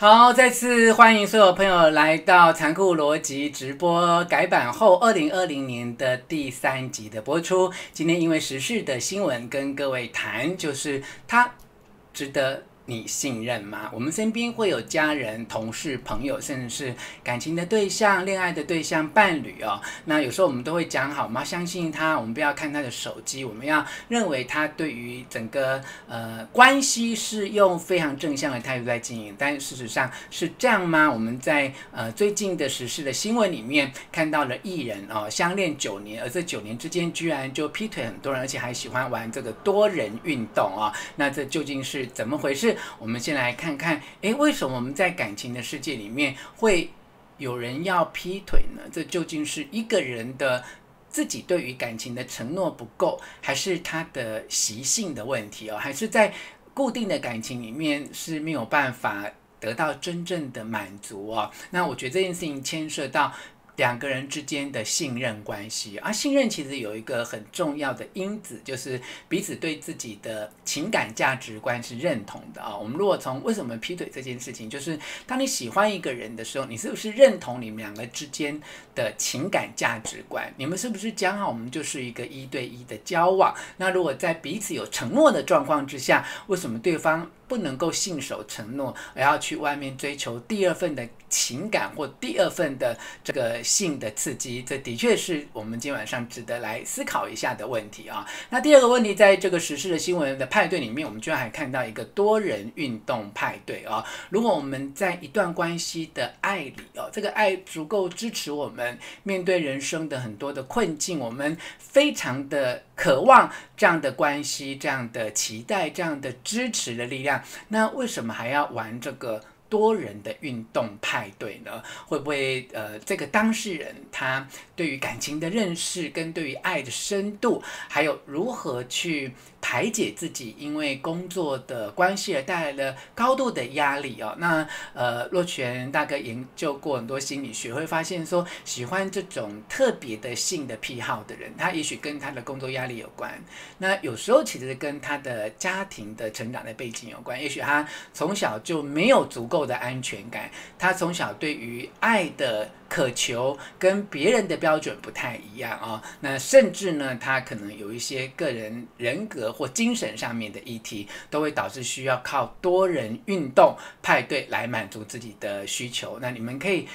好，再次歡迎所有朋友來到《殘酷邏輯》直播改版後二零二零年的第三集的播出。今天因為時事的新聞跟各位談，就是他值得。你信任嗎？我們身邊會有家人、同事、朋友，甚至是感情的對象、戀愛的對象、伴侶哦。那有時候我們都會講好，我們要相信他，我們不要看他的手機，我們要認為他對於整個呃關係是用非常正向的態度在經營。但事實上是這樣嗎？我們在呃最近的時事的新聞裡面看到了藝人哦，相戀九年，而這九年之間居然就劈腿很多人，而且還喜歡玩這個多人運動哦。那這究竟是怎麼回事？我們先來看看，誒，為什麼我們在感情的世界裡面會有人要劈腿呢？這究竟是一個人的自己對於感情的承諾不夠，還是他的習性的問題哦？還是在固定的感情裡面是沒有辦法得到真正的滿足哦？那我覺得這件事情牽涉到。兩個人之間的信任關係啊，信任其實有一個很重要的因子，就是彼此對自己的情感價值觀是認同的啊。我們如果從為什麼劈腿這件事情，就是當你喜歡一個人的時候，你是不是認同你們兩個之間的情感價值觀？你們是不是講好我們就是一個一對一的交往？那如果在彼此有承諾的狀況之下，為什麼對方？不能夠信守承諾，而要去外面追求第二份的情感，或第二份的這個性的刺激，這的確是我們今天晚上值得來思考一下的問題啊、哦。那第二個問題，在這個時事的新聞的派對裡面，我們居然還看到一個多人運動派對啊、哦。如果我們在一段關係的愛裡哦，這個愛足夠支持我們面對人生的很多的困境，我們非常的渴望。這樣的關係，這樣的期待，這樣的支持的力量，那為什麼還要玩這個多人的運動派對呢？會不會呃，這個當事人他對於感情的認識跟對於愛的深度，還有如何去排解自己因為工作的關係而帶來了高度的壓力哦。那呃，若權大哥研究過很多心理學，會發現說，喜歡這種特別的性的癖好的人，他也許跟他的工作壓力有關。那有時候其實跟他的家庭的成長的背景有關，也許他從小就沒有足夠的安全感，他從小對於愛的渴求跟別人的標準不太一樣哦。那甚至呢，他可能有一些個人人格。或精神上面的議題，都會導致需要靠多人運動派對來滿足自己的需求。那你們可以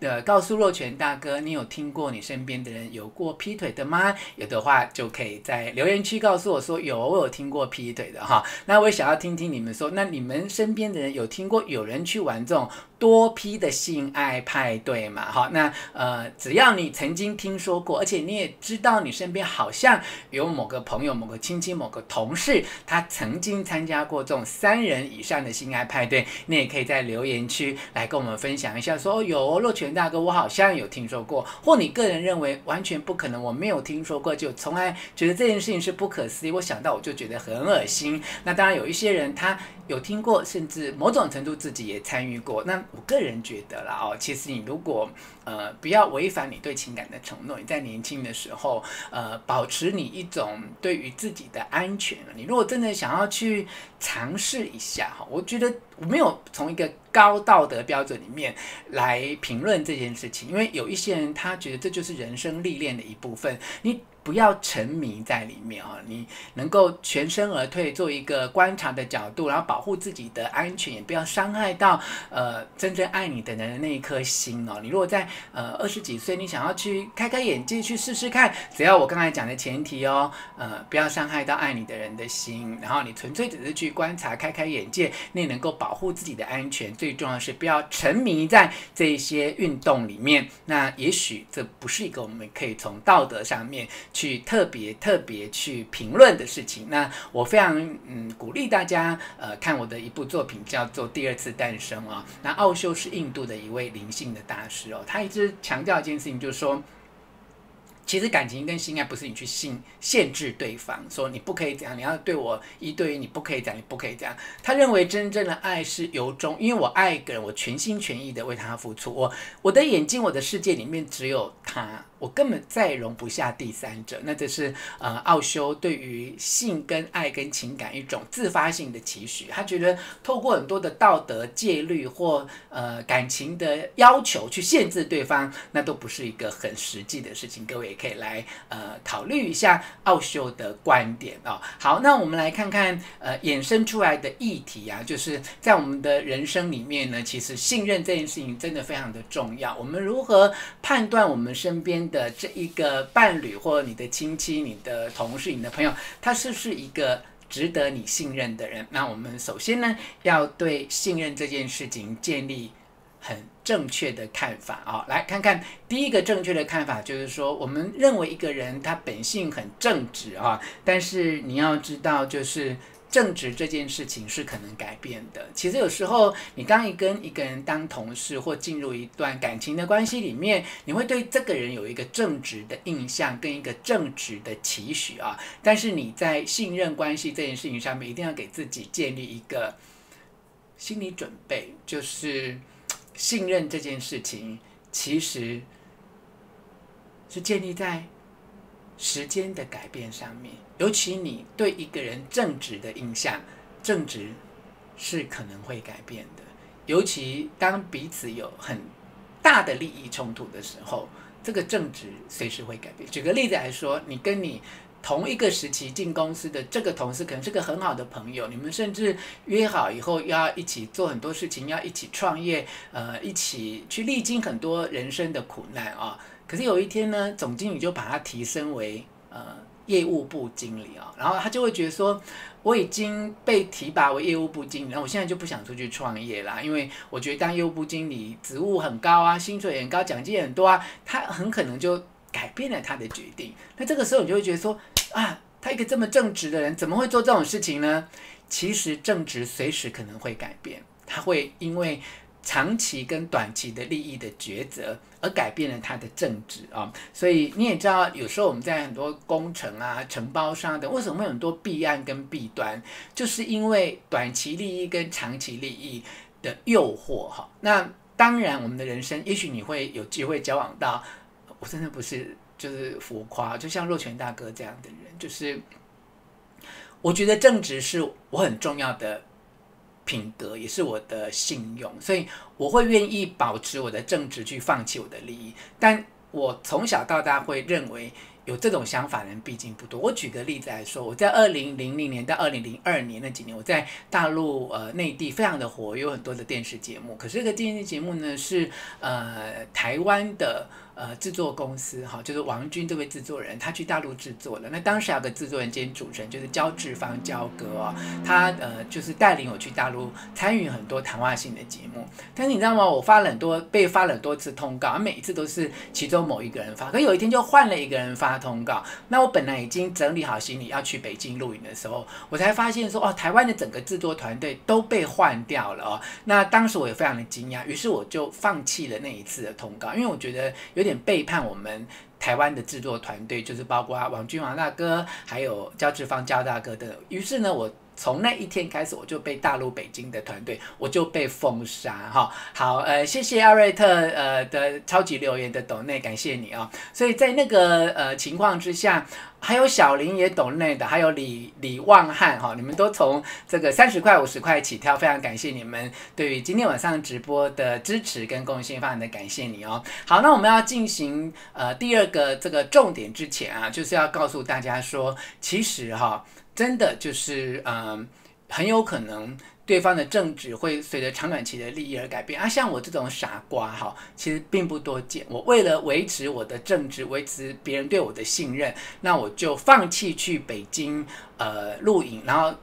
呃告訴若權大哥，你有聽過你身邊的人有過劈腿的嗎？有的話就可以在留言區告訴我說有，我有聽過劈腿的哈。那我也想要聽聽你們說，那你們身邊的人有聽過有人去玩這種？多批的性愛派對嘛，好，那呃，只要你曾經聽說過，而且你也知道，你身邊好像有某個朋友、某個親戚、某個同事，他曾經參加過這種三人以上的性愛派對，你也可以在留言區來跟我們分享一下說，說、哦、有哦、哦、若權大哥，我好像有聽說過，或你個人認為完全不可能，我沒有聽說過，就從來覺得這件事情是不可思議，我想到我就覺得很惡心。那當然有一些人他有聽過，甚至某種程度自己也參與過，那。我個人覺得啦哦，其實你如果呃不要違反你對情感的承諾，你在年輕的時候呃保持你一種對於自己的安全，你如果真的想要去嘗試一下哈，我覺得我沒有從一個高道德標準裡面來評論這件事情，因為有一些人他覺得這就是人生歷練的一部分，你。不要沉迷在裡面哦，你能夠全身而退，做一個觀察的角度，然後保護自己的安全，也不要傷害到呃真正愛你的人的那一顆心哦。你如果在呃二十幾歲，你想要去開開眼界，去試試看，只要我剛才講的前提哦，呃不要傷害到愛你的人的心，然後你純粹只是去觀察、開開眼界，你也能夠保護自己的安全，最重要是不要沉迷在這一些運動裡面。那也許這不是一個我們可以從道德上面。去特別特別去評論的事情，那我非常嗯鼓勵大家呃看我的一部作品叫做《第二次誕生》哦。那奧修是印度的一位靈性的大師哦，他一直強調一件事情，就是說，其實感情跟性愛不是你去性限制對方，說你不可以這樣，你要對我一對一，你不可以這樣，你不可以這樣。他認為真正的愛是由衷，因為我愛一個人，我全心全意的為他付出，我我的眼睛，我的世界裡面只有他。我根本再容不下第三者，那這是呃奧修對於性跟愛跟情感一種自發性的期許。他覺得透過很多的道德戒律或呃感情的要求去限制對方，那都不是一個很實際的事情。各位也可以來呃考慮一下奧修的觀點哦。好，那我們來看看呃衍生出來的議題啊，就是在我們的人生裡面呢，其實信任這件事情真的非常的重要。我們如何判斷我們身邊的這一個伴侶，或者你的親戚、你的同事、你的朋友，他是不是一個值得你信任的人？那我們首先呢，要對信任這件事情建立很正確的看法啊、哦。來看看第一個正確的看法，就是說，我們認為一個人他本性很正直啊，但是你要知道，就是。正直這件事情是可能改變的。其實有時候，你剛一跟一個人當同事或進入一段感情的關係裡面，你會對這個人有一個正直的印象跟一個正直的期許啊。但是你在信任關係這件事情上面，一定要給自己建立一個心理準備，就是信任這件事情其實是建立在。時間的改變上面，尤其你對一個人正直的印象，正直是可能會改變的。尤其當彼此有很大的利益衝突的時候，這個正直隨時會改變。舉個例子來說，你跟你同一個時期進公司的這個同事，可能是個很好的朋友，你們甚至約好以後要一起做很多事情，要一起創業，呃，一起去歷經很多人生的苦難啊。可是有一天呢，總經理就把他提升為呃業務部經理啊，哦，然後他就會覺得說，我已經被提拔為業務部經理，那我現在就不想出去創業啦，因為我覺得當業務部經理職務很高啊，薪水也很高，獎金也很多啊，他很可能就改變了他的決定。那這個時候你就會覺得說，啊，他一個這麼正直的人，怎麼會做這種事情呢？其實正直隨時可能會改變，他會因為。長期跟短期的利益的抉擇，而改變了他的正直啊，所以你也知道，有時候我們在很多工程啊、承包商的，為什麼會很多弊案跟弊端，就是因為短期利益跟長期利益的誘惑哈、啊。那當然，我們的人生，也許你會有機會交往到，我真的不是就是浮誇，就像若權大哥這樣的人，就是我覺得正直是我很重要的。品格也是我的信用，所以我會願意保持我的正直去放棄我的利益。但我從小到大會認為有這種想法的人畢竟不多。我舉個例子來說，我在二零零零年到二零零二年那幾年，我在大陸呃內地非常的火，有很多的電視節目。可是這個電視節目呢，是呃台灣的。呃，製作公司哈、哦,就是王軍這位製作人，他去大陸製作了。那當時有個製作人兼主持人，就是焦志方、焦哥啊、哦。他呃，就是帶領我去大陸參與很多談話性的節目。但是你知道嗎？我發了很多，被發了很多次通告，而每一次都是其中某一個人發。可有一天就換了一個人發通告。那我本來已經整理好行李要去北京錄影的時候，我才發現說，哦，台灣的整個製作團隊都被換掉了哦。那當時我也非常的驚訝，於是我就放棄了那一次的通告，因為我覺得有點背叛我們台灣的製作團隊，就是包括王君王大哥，還有焦志芳焦大哥的。於是呢，我。從那一天開始，我就被大陸北京的團隊，我就被封殺哈、哦。好，呃，謝謝阿瑞特呃的超級留言的 donate，感謝你啊、哦。所以在那個呃情況之下，還有小林也 donate 的，還有李李旺漢哈、哦，你們都從這個三十塊五十塊起跳，非常感謝你們對於今天晚上直播的支持跟貢獻。非常的感謝你哦。好，那我們要進行呃第二個這個重點之前啊，就是要告訴大家說，其實哈、哦。真的就是，嗯，很有可能對方的正直會隨着長短期的利益而改變。啊，像我這種傻瓜，哈，其實並不多見。我為了維持我的正直，維持別人對我的信任，那我就放棄去北京，呃，錄影，然後。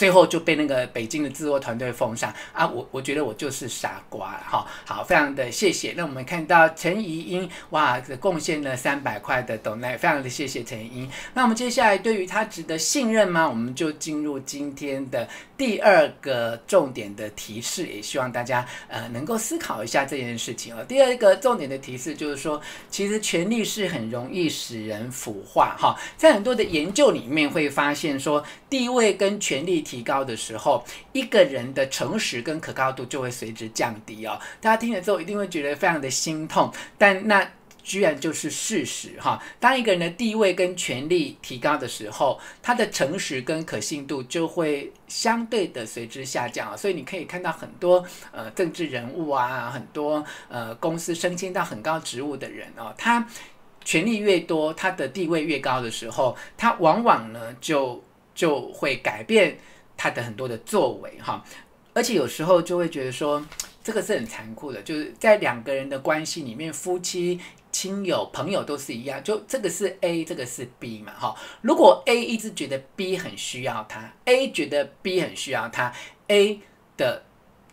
最後就被那個北京的製作團隊封殺啊！我我覺得我就是傻瓜了哈，好，非常的謝謝。那我們看到陳怡英哇，貢獻了三百塊的抖內，非常的謝謝陳怡英。那我們接下來對於他值得信任嗎？我們就進入今天的。第二個重點的提示，也希望大家呃能夠思考一下這件事情哦，第二個重點的提示就是說，其實權力是很容易使人腐化哈、哦。在很多的研究裡面會發現說，地位跟權力提高的時候，一個人的誠實跟可靠度就會隨之降低哦。大家聽了之後一定會覺得非常的心痛，但那。居然就是事實哈！當一個人的地位跟權力提高的時候，他的誠實跟可信度就會相對的隨之下降，所以你可以看到很多呃政治人物啊，很多呃公司升遷到很高職務的人啊，他權力越多，他的地位越高的時候，他往往呢就就會改變他的很多的作為哈，而且有時候就會覺得說。這個是很殘酷的，就是在兩個人的關係裡面，夫妻、親友、朋友都是一樣。就這個是 A，這個是 B 嘛。哈、哦，如果 A 一直覺得 B 很需要他，A 覺得 B 很需要他，A 的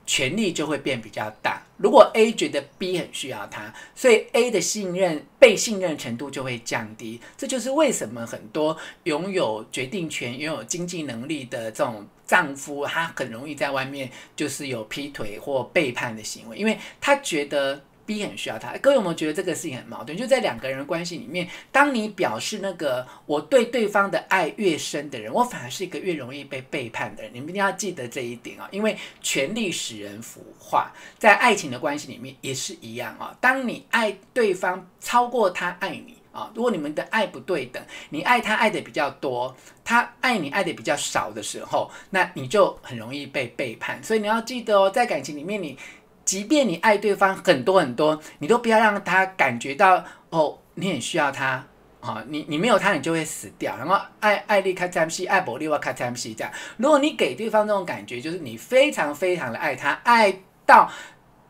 權力就會變比較大。如果 A 覺得 B 很需要他，所以 A 的信任被信任程度就會降低。這就是為什麼很多擁有決定權、擁有經濟能力的這種。丈夫他很容易在外面就是有劈腿或背叛的行為，因為他覺得 B 很需要他。各位，有沒有覺得這個事情很矛盾？就在兩個人關係裡面，當你表示那個我對對方的愛越深的人，我反而是一個越容易被背叛的人。你們一定要記得這一點啊、哦，因為權力使人腐化，在愛情的關係裡面也是一樣啊、哦。當你愛對方超過他愛你。啊、哦，如果你們的愛不對等，你愛他愛的比較多，他愛你愛的比較少的時候，那你就很容易被背叛。所以你要記得哦，在感情裡面你，你即便你愛對方很多很多，你都不要讓他感覺到哦，你很需要他啊、哦，你你沒有他你就會死掉。然後愛愛利卡特 MC，愛伯利卡特 MC 這樣。如果你給對方這種感覺，就是你非常非常的愛他，愛到。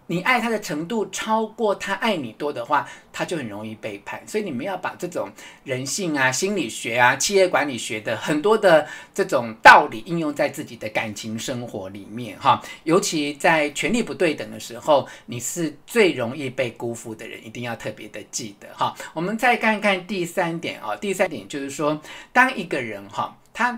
你愛他的程度超過他愛你多的話，他就很容易背叛。所以你們要把這種人性啊、心理學啊、企業管理學的很多的這種道理應用在自己的感情生活裡面，哈。尤其在權力不對等的時候，你是最容易被辜負的人，一定要特別的記得，哈。我們再看看第三點啊，第三點就是說，當一個人哈，他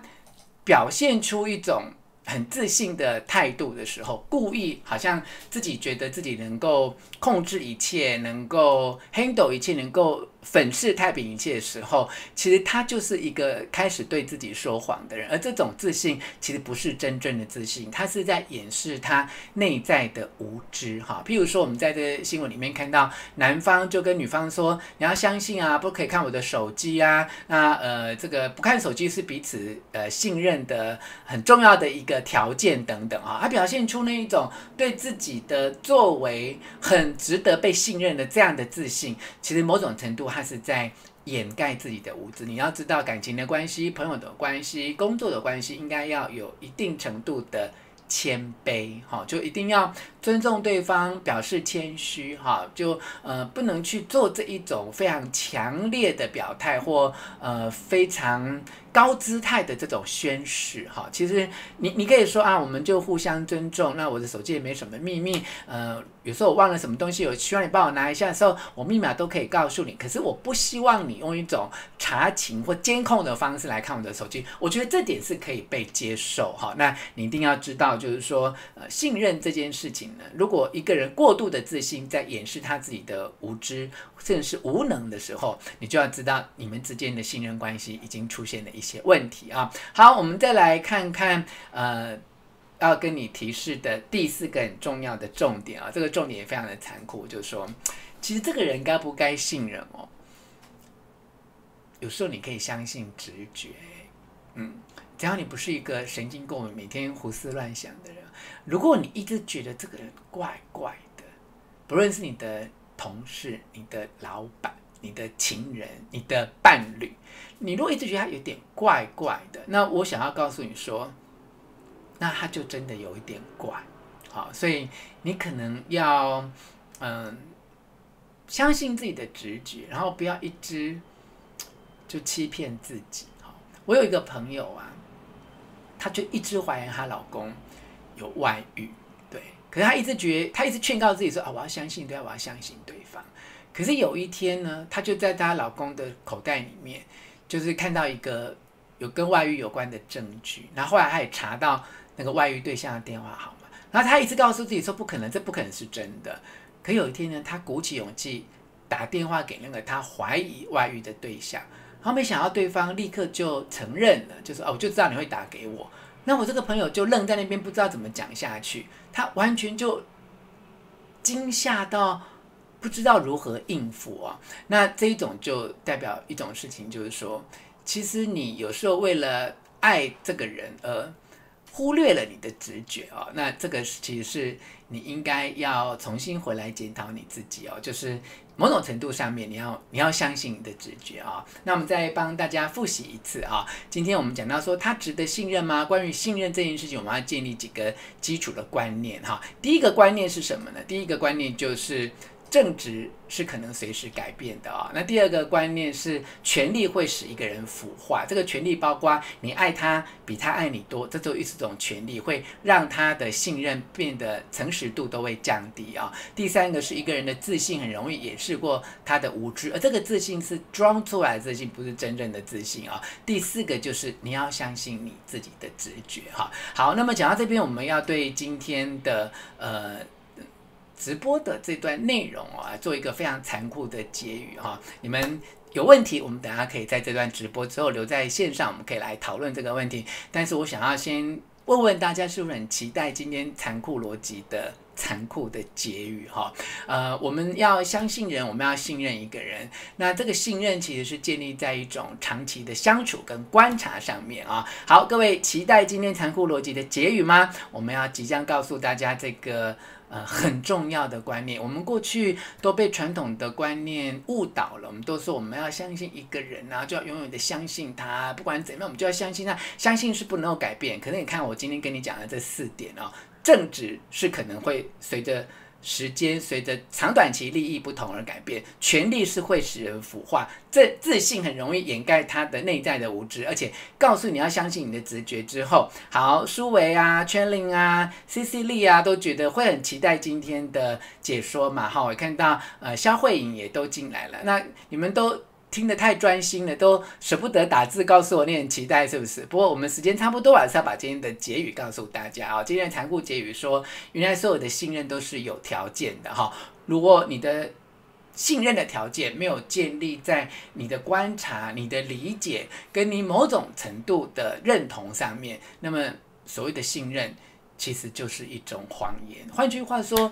表現出一種。很自信的態度的時候，故意好像自己覺得自己能夠控制一切，能夠 handle 一切，能夠。粉飾太平一切的時候，其實他就是一個開始對自己說謊的人，而這種自信其實不是真正的自信，他是在掩飾他內在的無知。哈，譬如說，我們在這新聞裡面看到，男方就跟女方說：“你要相信啊，不可以看我的手機啊。”那呃，這個不看手機是彼此呃信任的很重要的一個條件等等啊，他表現出那一種對自己的作為很值得被信任的這樣的自信，其實某種程度。他是在掩蓋自己的無知。你要知道，感情的關係、朋友的關係、工作的關係，應該要有一定程度的謙卑，哈，就一定要尊重對方，表示謙虛，哈，就呃，不能去做這一種非常強烈的表態或呃非常高姿態的這種宣誓。哈，其實你你可以說啊，我們就互相尊重。那我的手機也沒什麼祕密，呃。有時候我忘了什麼東西，我需要你幫我拿一下的時候，我密碼都可以告訴你。可是我不希望你用一種查勤或監控的方式來看我的手機，我覺得這點是可以被接受哈。那你一定要知道，就是說，呃，信任這件事情呢，如果一個人過度的自信，在掩飾他自己的無知，甚至是無能的時候，你就要知道你們之間的信任關係已經出現了一些問題啊。好，我們再來看看，呃。要跟你提示的第四個很重要的重點啊，這個重點也非常的殘酷，就是說，其實這個人該不該信任哦？有時候你可以相信直覺，嗯，只要你不是一個神經過敏、每天胡思亂想的人。如果你一直覺得這個人怪怪的，不論是你的同事、你的老板、你的情人、你的伴侶，你如果一直覺得他有點怪怪的，那我想要告訴你說。那他就真的有一點怪，好，所以你可能要，嗯，相信自己的直覺，然後不要一直就欺騙自己。好，我有一個朋友啊，她就一直懷疑她老公有外遇，對，可是她一直覺得，她一直勸告自己說啊，我要相信對方，啊，我要相信對方。可是有一天呢，她就在她老公的口袋裡面，就是看到一個有跟外遇有關的證據，然後後來她也查到，那個外遇對象的電話號碼，然後他一直告訴自己說，不可能，這不可能是真的。可有一天呢，他鼓起勇氣打電話給那個他懷疑外遇的對象，然後沒想到對方立刻就承認了，就說哦，我就知道你會打給我。那我這個朋友就愣在那邊，不知道怎麼講下去。他完全就驚嚇到，不知道如何應付啊。那這一種就代表一種事情，就是說，其實你有時候為了愛這個人而。忽略了你的直覺哦，那這個其實是你應該要重新回來檢討你自己哦，就是某種程度上面你要你要相信你的直覺啊。那我們再幫大家複習一次啊，今天我們講到說他值得信任嗎？關於信任這件事情，我們要建立幾個基礎的觀念哈。第一個觀念是什麼呢？第一個觀念就是。正直是可能隨時改變的啊、哦。那第二個觀念是，權力會使一個人腐化。這個權力包括你愛他比他愛你多，這就是一種權力會讓他的信任變得誠實度都會降低啊、哦。第三個是一個人的自信很容易掩飾過他的無知，而這個自信是裝出來的自信，不是真正的自信啊、哦。第四個就是你要相信你自己的直覺哈、哦。好，那麼講到這邊，我們要對今天的呃。直播的這段內容啊，做一個非常殘酷的結語哈。你們有問題，我們等下可以在這段直播之後留在線上，我們可以來討論這個問題。但是我想要先問問大家，是不是很期待今天殘酷邏輯的殘酷的結語哈？呃，我們要相信人，我們要信任一個人，那這個信任其實是建立在一種長期的相處跟觀察上面啊。好，各位期待今天殘酷邏輯的結語嗎？我們要即將告訴大家這個。呃，很重要的觀念，我們過去都被傳統的觀念誤導了。我們都說我們要相信一個人啊，就要永遠的相信他，不管怎麼樣，我們就要相信他。相信是不能夠改變。可是你看，我今天跟你講的這四點哦，正直是可能會隨着。時間隨着長短期利益不同而改變，權力是會使人腐化，這自信很容易掩蓋他的內在的無知，而且告訴你要相信你的直覺之後，好，舒維啊，圈玲啊，C.C. 利啊，都覺得會很期待今天的解說嘛，好，我看到呃肖慧穎也都進來了，那你們都。聽得太專心了，都捨不得打字告訴我你很期待是不是？不過我們時間差不多了，是要把今天的結語告訴大家啊、哦。今天的殘酷結語說：原來所有的信任都是有條件的哈、哦。如果你的信任的條件沒有建立在你的觀察、你的理解跟你某種程度的認同上面，那麼所謂的信任其實就是一種謊言。換句話說，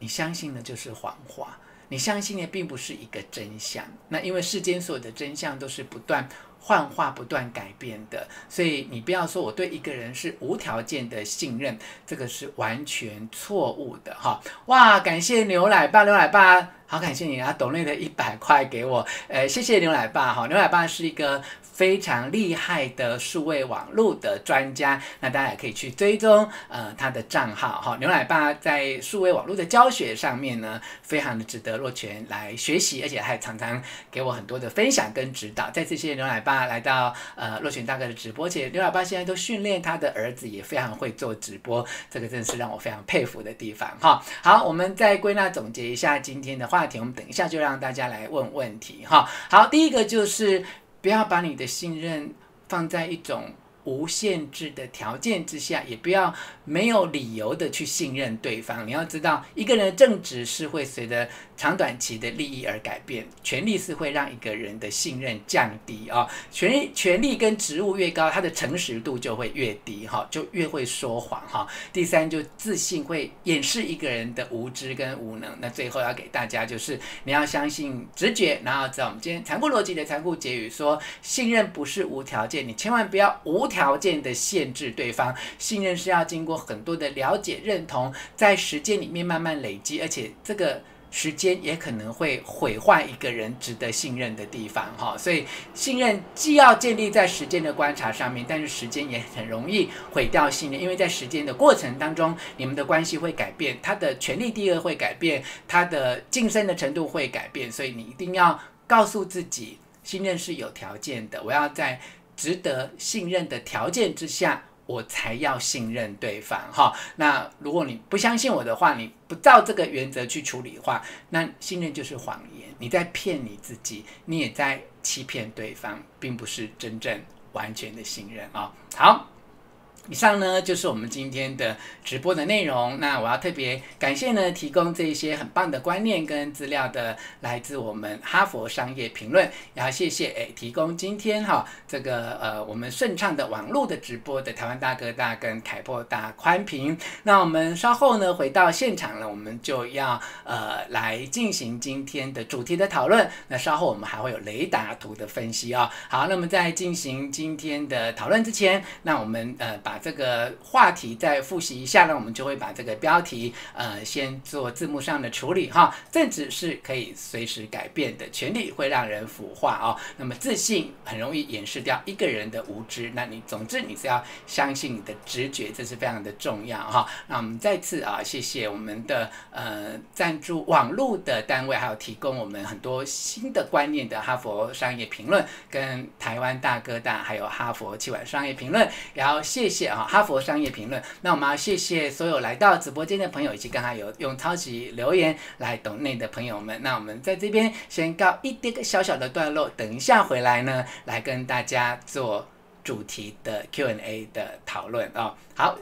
你相信的就是謊話。你相信的並不是一個真相，那因為世間所有的真相都是不斷幻化、不斷改變的，所以你不要說我對一個人是無條件的信任，這個是完全錯誤的哈。哇，感謝牛奶爸，牛奶爸，好感謝你啊，懂類的一百塊給我，呃、哎，謝謝牛奶爸，哈，牛奶爸是一個。非常厲害的數位網絡的專家，那大家也可以去追蹤呃他的賬號哈、哦。牛奶爸在數位網絡的教學上面呢，非常的值得若權來學習，而且還常常給我很多的分享跟指導。再次謝謝牛奶爸來到呃若權大哥的直播前，牛奶爸現在都訓練他的兒子也非常會做直播，這個真是讓我非常佩服的地方哈、哦。好，我們再歸納總結一下今天的話題，我們等一下就讓大家來問問題哈、哦。好，第一個就是。不要把你的信任放在一種。無限制的條件之下，也不要沒有理由的去信任對方。你要知道，一個人的正直是會隨着長短期的利益而改變，權力是會讓一個人的信任降低啊、哦。權權力跟職務越高，他的誠實度就會越低，哈、哦，就越會說謊，哈、哦。第三，就自信會掩飾一個人的無知跟無能。那最後要給大家就是，你要相信直覺。然後在我們今天殘酷邏輯的殘酷結語說，信任不是無條件，你千萬不要無。條件的限制，對方信任是要經過很多的了解、認同，在時間裡面慢慢累積，而且這個時間也可能會毀壞一個人值得信任的地方，哈、哦。所以信任既要建立在時間的觀察上面，但是時間也很容易毀掉信任，因為在時間的過程當中，你們的關係會改變，他的權力地位會改變，他的晉升的程度會改變，所以你一定要告訴自己，信任是有條件的，我要在。值得信任的條件之下，我才要信任對方哈、哦。那如果你不相信我的話，你不照這個原則去處理的話，那信任就是謊言。你在騙你自己，你也在欺騙對方，並不是真正完全的信任啊、哦。好。以上呢，就是我們今天的直播的內容。那我要特別感謝呢，提供這些很棒的觀念跟資料的來自我們哈佛商業評論，然後謝謝哎，提供今天哈這個呃我們順暢的網絡的直播的台灣大哥大跟凱擘大寬頻。那我們稍後呢，回到現場呢，我們就要呃來進行今天的主題的討論。那稍後我們還會有雷達圖的分析哦。好，那麼在進行今天的討論之前，那我們呃把。把這個話題再複習一下呢，我們就會把這個標題呃先做字幕上的處理哈、哦。政治是可以隨時改變的，權力會讓人腐化哦。那麼自信很容易掩飾掉一個人的無知。那你總之你是要相信你的直覺，這是非常的重要哈、哦。那我們再次啊，謝謝我們的呃贊助網絡的單位，還有提供我們很多新的觀念的哈佛商業評論，跟台灣大哥大，還有哈佛企管商業評論，然後謝謝。哈佛商業評論。那我們要謝謝所有來到直播間的朋友，以及剛才有用超級留言來斗內的朋友們。那我們在這邊先告一個個小小的段落，等一下回來呢，來跟大家做主題的 Q&A 的討論啊、哦。好。